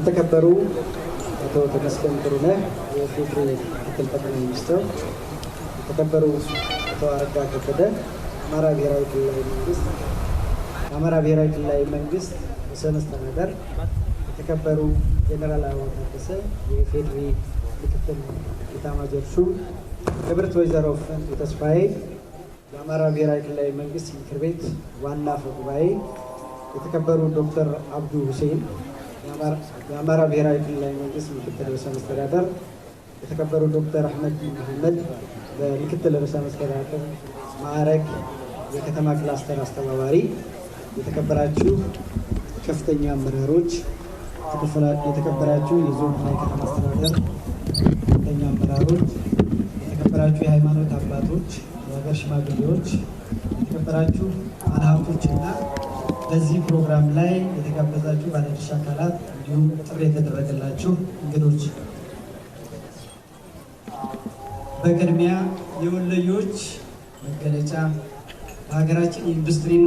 የተከበሩ አቶ ተመስገን ጥሩነህ የፌዴሪ ምክትል ጠቅላይ ሚኒስትር፣ የተከበሩ አቶ አረጋ ከበደ አማራ ብሔራዊ ክልላዊ መንግስት የአማራ ብሔራዊ ክልላዊ መንግስት ርዕሰ መስተዳድር፣ የተከበሩ ጀኔራል አበባው ታደሰ የፌዴሪ ምክትል ኢታማዦር ሹም፣ ክብርት ወይዘሮ ፈንቱ ተስፋዬ የአማራ ብሔራዊ ክልላዊ መንግስት ምክር ቤት ዋና አፈ ጉባኤ፣ የተከበሩ ዶክተር አብዱ ሁሴን የአማራ ብሔራዊ ክልላዊ መንግስት ምክትል ርዕሰ መስተዳደር የተከበሩ ዶክተር አህመድ መሐመድ በምክትል ርዕሰ መስተዳደር ማዕረግ የከተማ ክላስተር አስተባባሪ፣ የተከበራችሁ ከፍተኛ አመራሮች፣ የተከበራችሁ ላይ ከተማ አስተዳደር ከፍተኛ አመራሮች፣ የተከበራችሁ የሃይማኖት አባቶች፣ የሀገር ሽማግሌዎች፣ የተከበራችሁ ባለሀብቶችና በዚህ ፕሮግራም ላይ የተጋበዛችሁ ባለድርሻ አካላት እንዲሁም ጥሪ የተደረገላችሁ እንግዶች፣ በቅድሚያ የወለዮች መገለጫ በሀገራችን የኢንዱስትሪና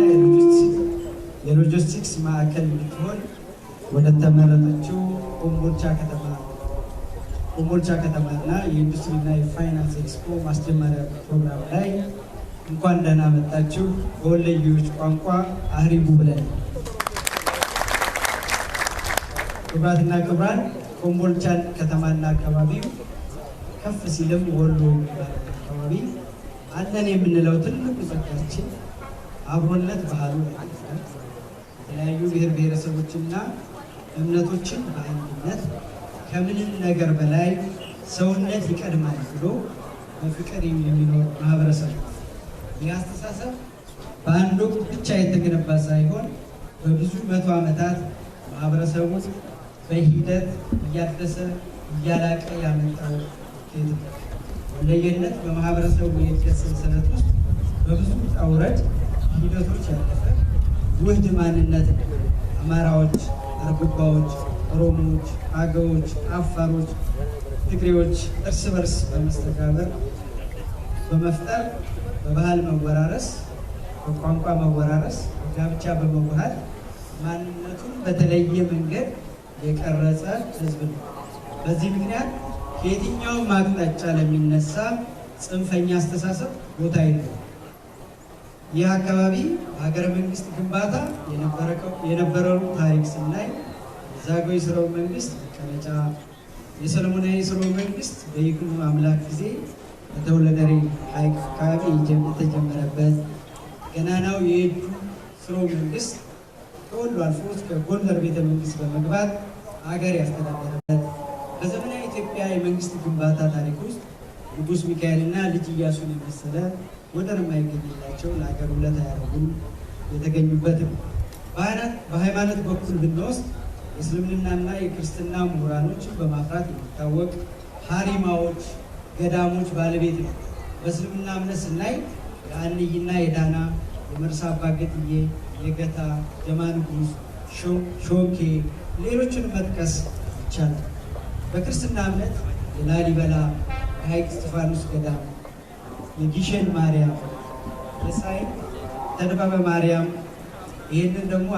የሎጂስቲክስ ማዕከል የምትሆን ወደ ተመረጠችው ኮምቦልቻ ከተማና የኢንዱስትሪና የፋይናንስ ኤክስፖ ማስጀመሪያ ፕሮግራም ላይ እንኳን ደህና መጣችሁ። በወለዮች ቋንቋ አህሪቡ ብለን ክብራትና ክብራን ኮምቦልቻን ከተማና አካባቢው ከፍ ሲልም ወሎ አካባቢ አለን የምንለው ትልቁ ጸጋችን አብሮነት ባህሉ የተለያዩ ብሔር ብሔረሰቦችና እምነቶችን በአንድነት ከምንም ነገር በላይ ሰውነት ይቀድማል ብሎ በፍቅር የሚኖር ማህበረሰብ የአስተሳሰብ በአንድ ወቅት ብቻ የተገነባ ሳይሆን በብዙ መቶ ዓመታት ማህበረሰቡ በሂደት እያደሰ እያላቀ ያመጣው ውጤት ነው። ወለየነት በማህበረሰቡ የእድገት ሰንሰለት ውስጥ በብዙ ውጣ ውረድ ሂደቶች ያለፈ ውህድ ማንነት አማራዎች፣ አርጎባዎች፣ ኦሮሞዎች፣ አገዎች፣ አፋሮች፣ ትግሬዎች እርስ በርስ በመስተጋበር በመፍጠር በባህል መወራረስ፣ በቋንቋ መወራረስ፣ ጋብቻ በመዋሃድ ማንነቱን በተለየ መንገድ የቀረጸ ህዝብ ነው። በዚህ ምክንያት ከየትኛውም አቅጣጫ ለሚነሳ ጽንፈኛ አስተሳሰብ ቦታ የለውም። ይህ አካባቢ በሀገረ መንግስት ግንባታ የነበረውን ታሪክ ስናይ የዛጉዌ ሥርወ መንግስት መቀመጫ፣ የሰለሞናዊ ሥርወ መንግስት በይኩኖ አምላክ ጊዜ በተወለደሪ ሐይቅ አካባቢ የተጀመረበት ገናናው የእጁ ስርወ መንግስት ከወሎ አልፎ እስከ ጎንደር ቤተ መንግስት በመግባት ሀገር ያስተዳደረበት በዘመናዊ ኢትዮጵያ የመንግስት ግንባታ ታሪክ ውስጥ ንጉስ ሚካኤልና ልጅ ኢያሱን የመሰለ ወደር የማይገኝላቸው ለሀገር ውለታ ያደረጉ የተገኙበት ነው። በሃይማኖት በኩል ብንወስድ የእስልምናና የክርስትና ምሁራኖችን በማፍራት የሚታወቅ ሀሪማዎች ገዳሞች ባለቤት ነው። በእስልምና እምነት ስናይ የአንይና የዳና የመርሳ አባገጥዬ፣ የገታ፣ ደማንጉስ፣ ሾንኬ ሌሎችን መጥቀስ ይቻላል። በክርስትና እምነት የላሊበላ፣ የሐይቅ እስጢፋኖስ ገዳም፣ የጊሸን ማርያም፣ የፀሐይ ተድባበ ማርያም ይህንን ደግሞ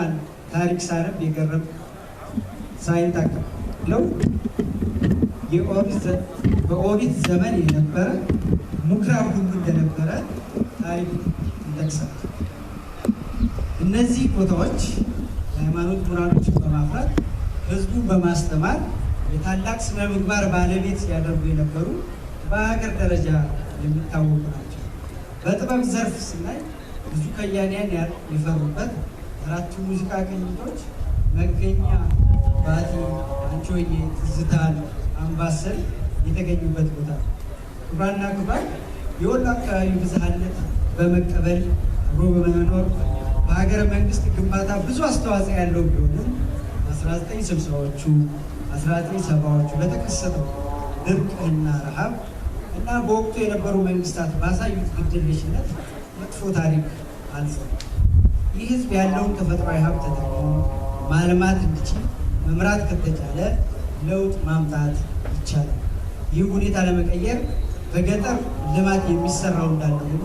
ታሪክ ሳረብ የገረም ሳይንት አለው በኦሪት ዘመን የነበረ ምኩራብ ሁሉ እንደነበረ ታሪክ ይጠቅሳል። እነዚህ ቦታዎች የሃይማኖት ምሁራኖችን በማፍራት ህዝቡን በማስተማር የታላቅ ስነ ምግባር ባለቤት ሲያደርጉ የነበሩ በሀገር ደረጃ የሚታወቁ ናቸው። በጥበብ ዘርፍ ስናይ ብዙ ከያንያን የፈሩበት አራቱ ሙዚቃ ቅኝቶች መገኛ፣ ባቲ፣ አንቾዬ፣ ትዝታ ነው። አምባሰል የተገኙበት ቦታ ነው። ክቡራንና ክቡራን የወሎ አካባቢ ብዝሃነት በመቀበል አብሮ በመኖር በሀገረ መንግስት ግንባታ ብዙ አስተዋጽኦ ያለው ቢሆንም 1960ዎቹ 1970ዎቹ ለተከሰተው ድርቅና ረሃብ እና በወቅቱ የነበሩ መንግስታት ባሳዩት ግድየለሽነት መጥፎ ታሪክ አንጽም። ይህ ህዝብ ያለውን ተፈጥሯዊ ሀብት ተጠቅሞ ማልማት እንዲችል መምራት ከተቻለ ለውጥ ማምጣት ይቻላል። ይህ ሁኔታ ለመቀየር በገጠር ልማት የሚሰራው እንዳለ ሆኖ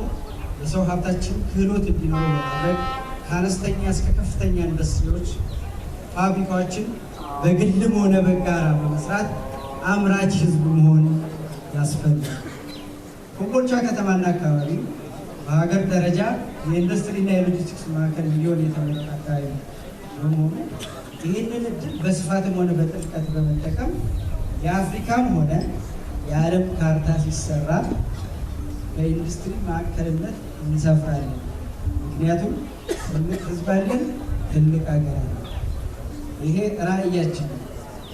የሰው ሀብታችን ክህሎት እንዲኖሩ በማድረግ ከአነስተኛ እስከ ከፍተኛ ኢንዱስትሪዎች ፋብሪካዎችን በግልም ሆነ በጋራ በመስራት አምራች ህዝብ መሆን ያስፈልጋል። ኮምቦልቻ ከተማና አካባቢ በሀገር ደረጃ የኢንዱስትሪና የሎጂስቲክስ ማዕከል ሊሆን የተመረጠ አካባቢ በመሆኑ ይህንን እድል በስፋትም ሆነ በጥልቀት በመጠቀም የአፍሪካም ሆነ የዓለም ካርታ ሲሰራ በኢንዱስትሪ ማዕከልነት እንሰፍራለን። ምክንያቱም ትልቅ ህዝብ አለን፣ ትልቅ ሀገር አለ። ይሄ ራዕያችን ነው።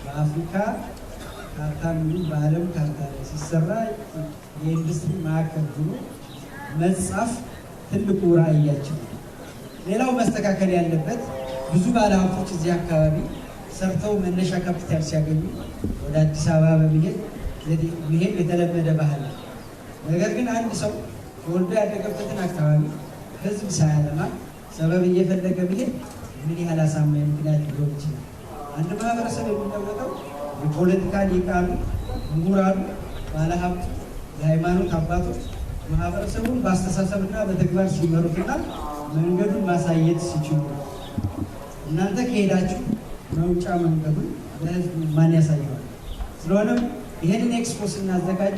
በአፍሪካ ካርታ ምንም በዓለም ካርታ ላይ ሲሰራ የኢንዱስትሪ ማዕከል ሆኖ መጻፍ ትልቁ ራዕያችን ነው። ሌላው መስተካከል ያለበት ብዙ ባለሀብቶች እዚህ አካባቢ ሰርተው መነሻ ካፒታል ሲያገኙ ወደ አዲስ አበባ በመሄድ መሄድ የተለመደ ባህል ነው። ነገር ግን አንድ ሰው ተወልዶ ያደገበትን አካባቢ ህዝብ ሳያለማ ሰበብ እየፈለገ ብሄድ ምን ያህል አሳማኝ ምክንያት ሊሆን ይችላል? አንድ ማህበረሰብ የሚለወጠው የፖለቲካ ሊቃሉ፣ ምሁራሉ፣ ባለሀብቱ፣ የሃይማኖት አባቶች ማህበረሰቡን በአስተሳሰብና በተግባር ሲመሩትና መንገዱን ማሳየት ሲችሉ እናንተ ከሄዳችሁ መውጫ መንገዱን ለህዝብ ማን ያሳየዋል? ስለሆነም ይህንን ኤክስፖ ስናዘጋጅ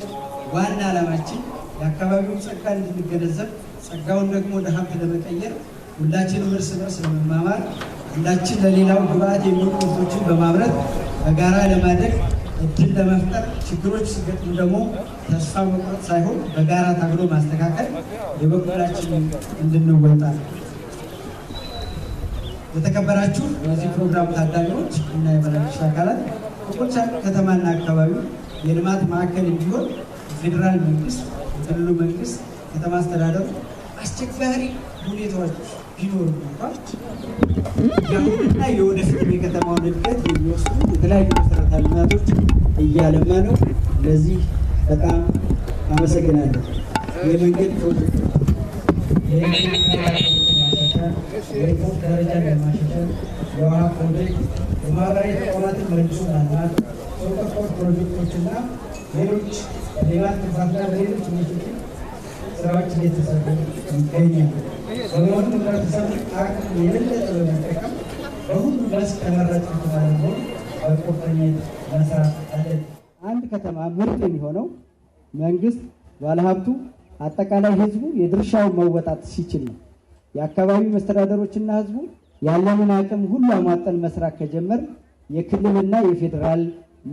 ዋና ዓላማችን የአካባቢውን ጸጋ እንድንገነዘብ፣ ጸጋውን ደግሞ ወደ ሀብት ለመቀየር ሁላችንም እርስ በርስ ለመማማር፣ ሁላችን ለሌላው ግብአት የሚሆኑ ምርቶችን በማምረት በጋራ ለማደግ እድል ለመፍጠር ችግሮች ሲገጥሙ ደግሞ ተስፋ መቁረጥ ሳይሆን በጋራ ታግሎ ማስተካከል የበኩላችን እንድንወጣ ነው። የተከበራችሁ በዚህ ፕሮግራም ታዳሚዎች እና የባለድርሻ አካላት ኮምቦልቻ ከተማና አካባቢው የልማት ማዕከል እንዲሆን ፌዴራል መንግስት፣ የክልሉ መንግስት፣ ከተማ አስተዳደሩ አስቸጋሪ ሁኔታዎች ቢኖሩ እንኳ የወደፊት የከተማውን እድገት የሚወስዱ የተለያዩ መሰረተ ልማቶች እያለማ ነው። ለዚህ በጣም አመሰግናለሁ። የመንገድ ፕሮጀክት ለማሻሻል፣ የሪፖርት ደረጃን ለማሻሻል፣ የውሃ ፕሮጀክት፣ የማህበራዊ ተቋማትን መልሶ ማልማት፣ ሰው ተኮር ፕሮጀክቶችና ሌሎች ስራዎች እየተሰሩ ይገኛል። በመሆኑ አቅም የበለጠ በመጠቀም በሁሉ መስክ ተባለ በቁርጠኝነት መስራት አለን። አንድ ከተማ ምርጥ የሚሆነው መንግስት፣ ባለሀብቱ፣ አጠቃላይ ህዝቡ የድርሻውን መወጣት ሲችል ነው። የአካባቢው መስተዳደሮችና ህዝቡ ያለንን አቅም ሁሉ አሟጠን መስራት ከጀመር የክልልና የፌዴራል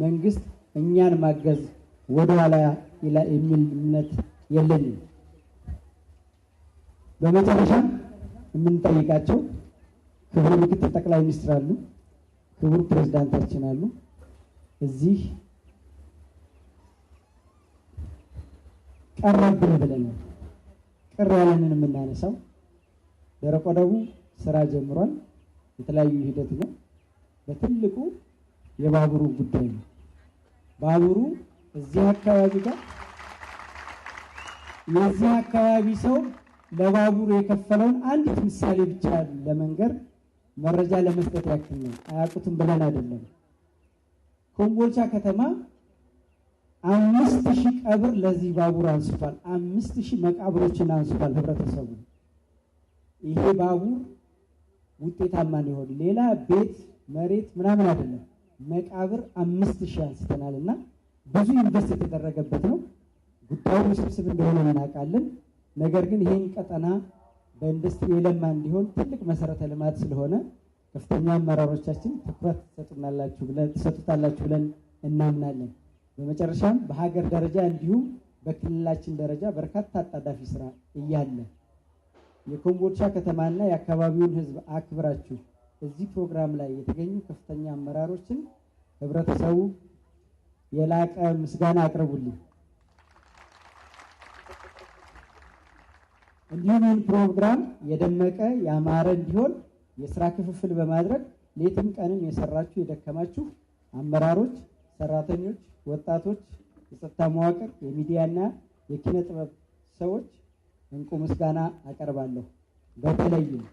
መንግስት እኛን ማገዝ ወደኋላ የሚል እምነት የለኝም። በመጨረሻ የምንጠይቃቸው ክቡር ምክትል ጠቅላይ ሚኒስትር አሉ፣ ክቡር ፕሬዚዳንታችን አሉ። እዚህ ቀረብን ብለን ቅር ያለንን የምናነሳው ደረቅ ወደቡ ስራ ጀምሯል። የተለያዩ ሂደት ነው። በትልቁ የባቡሩ ጉዳይ ነው። ባቡሩ እዚህ አካባቢ ጋር የዚህ አካባቢ ሰው ለባቡሩ የከፈለውን አንዲት ምሳሌ ብቻ ለመንገር መረጃ ለመስጠት ያክል ነው። አያውቁትም ብለን አይደለም። ኮምቦልቻ ከተማ አምስት ሺህ ቀብር ለዚህ ባቡር አንስቷል። አምስት ሺህ መቃብሮችን አንስቷል ህብረተሰቡ ይሄ ባቡር ውጤታማ ሊሆን ሌላ ቤት መሬት ምናምን አይደለም። መቃብር አምስት ሺህ አንስተናል እና ብዙ ኢንቨስት የተደረገበት ነው። ጉዳዩ ውስብስብ እንደሆነ እናውቃለን። ነገር ግን ይህን ቀጠና በኢንዱስትሪ የለማ እንዲሆን ትልቅ መሰረተ ልማት ስለሆነ ከፍተኛ አመራሮቻችን ትኩረት ትሰጡታላችሁ ብለን እናምናለን። በመጨረሻም በሀገር ደረጃ እንዲሁም በክልላችን ደረጃ በርካታ አጣዳፊ ስራ እያለ የኮምቦልቻ ከተማና የአካባቢውን ህዝብ አክብራችሁ እዚህ ፕሮግራም ላይ የተገኙ ከፍተኛ አመራሮችን ህብረተሰቡ የላቀ ምስጋና አቅርቡልኝ። እንዲሁም ይህን ፕሮግራም የደመቀ ያማረ እንዲሆን የስራ ክፍፍል በማድረግ ሌትም ቀንም የሰራችሁ የደከማችሁ አመራሮች፣ ሰራተኞች፣ ወጣቶች፣ የጸጥታ መዋቅር፣ የሚዲያና የኪነ ጥበብ ሰዎች እንቁ ምስጋና አቀርባለሁ። በተለይም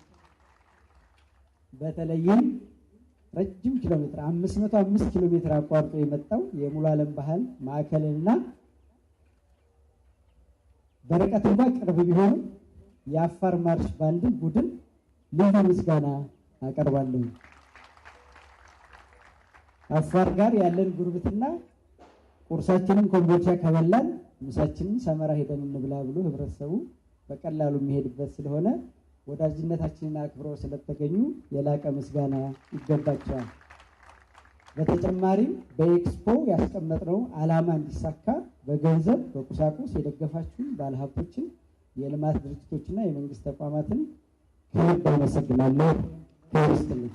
በተለይም ረጅም ኪሎ ሜትር 505 ኪሎ ሜትር አቋርጦ የመጣው የሙሉ ዓለም ባህል ማዕከልና በርቀት እንኳ ቅርብ ቢሆንም የአፋር ማርሽ ባንድ ቡድን ልዩ ምስጋና አቀርባለሁ። አፋር ጋር ያለን ጉርብትና ቁርሳችንን ኮምቦልቻ ከበላን ምሳችንን ሰመራ ሄደን እንብላ ብሎ ህብረተሰቡ በቀላሉ የሚሄድበት ስለሆነ ወዳጅነታችንን አክብረው ስለተገኙ የላቀ ምስጋና ይገባቸዋል። በተጨማሪም በኤክስፖ ያስቀመጥነው ዓላማ እንዲሳካ በገንዘብ በቁሳቁስ የደገፋችሁን ባለሀብቶችን፣ የልማት ድርጅቶችና የመንግስት ተቋማትን ከልብ አመሰግናለሁ። ክብር ይስጥልኝ።